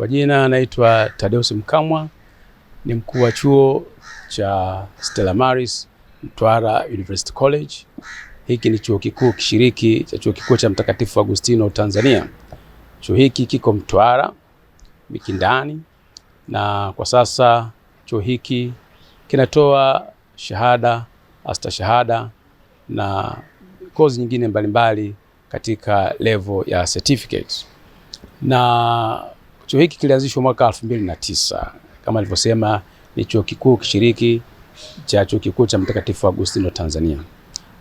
Kwa jina anaitwa Tadeus Mkamwa, ni mkuu wa chuo cha Stella Maris Mtwara University College. Hiki ni chuo kikuu kishiriki cha chuo kikuu cha Mtakatifu Agustino Tanzania. Chuo hiki kiko Mtwara Mikindani, na kwa sasa chuo hiki kinatoa shahada, astashahada na kozi nyingine mbalimbali mbali katika level ya certificate na Chuo hiki kilianzishwa mwaka 2009 kama nilivyosema, ni chuo kikuu kishiriki cha chuo kikuu cha Mtakatifu Agustino Tanzania.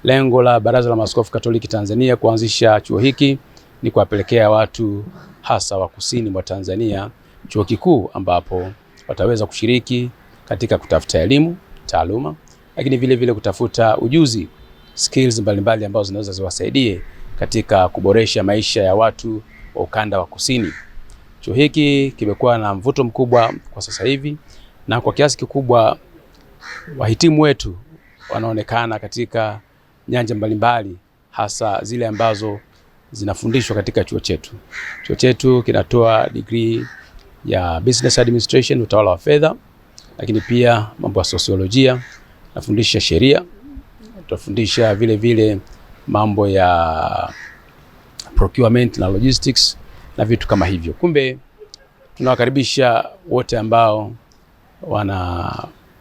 Lengo la Baraza la Maaskofu Katoliki Tanzania kuanzisha chuo hiki ni kuwapelekea watu hasa wa kusini mwa Tanzania chuo kikuu ambapo wataweza kushiriki katika kutafuta elimu, taaluma, lakini vile vile kutafuta ujuzi skills mbalimbali ambazo zinaweza ziwasaidie katika kuboresha maisha ya watu wa ukanda wa kusini. Chuo hiki kimekuwa na mvuto mkubwa kwa sasa hivi na kwa kiasi kikubwa wahitimu wetu wanaonekana katika nyanja mbalimbali hasa zile ambazo zinafundishwa katika chuo chetu. Chuo chetu kinatoa degree ya business administration, utawala wa fedha, lakini pia mambo ya sosiolojia, nafundisha sheria, tunafundisha vile vile mambo ya procurement na logistics na vitu kama hivyo. Kumbe tunawakaribisha wote ambao wana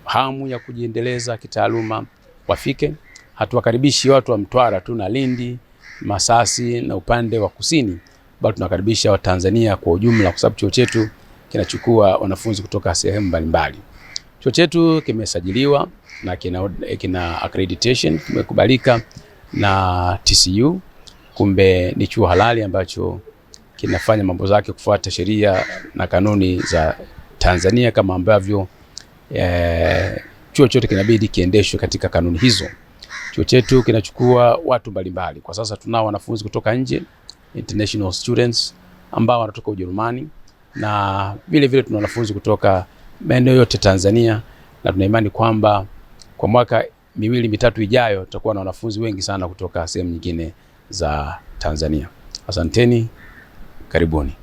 hamu ya kujiendeleza kitaaluma wafike. Hatuwakaribishi watu wa Mtwara tu na Lindi, Masasi na upande wa kusini, bali tunawakaribisha Watanzania kwa ujumla, kwa sababu chuo chetu kinachukua wanafunzi kutoka sehemu mbalimbali. Chuo chetu kimesajiliwa na kina, kina accreditation kimekubalika na TCU. Kumbe ni chuo halali ambacho kinafanya mambo zake kufuata sheria na kanuni za Tanzania kama ambavyo e, chuo chote kinabidi kiendeshwe katika kanuni hizo. Chuo chetu kinachukua watu mbalimbali. Kwa sasa tunao wanafunzi kutoka nje, international students ambao wanatoka Ujerumani na vile vile tuna wanafunzi kutoka maeneo yote Tanzania, na tuna imani kwamba kwa mwaka miwili mitatu ijayo tutakuwa na wanafunzi wengi sana kutoka sehemu nyingine za Tanzania. Asanteni. Karibuni.